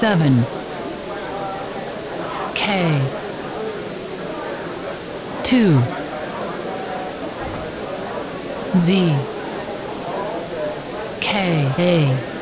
seven K two Z K A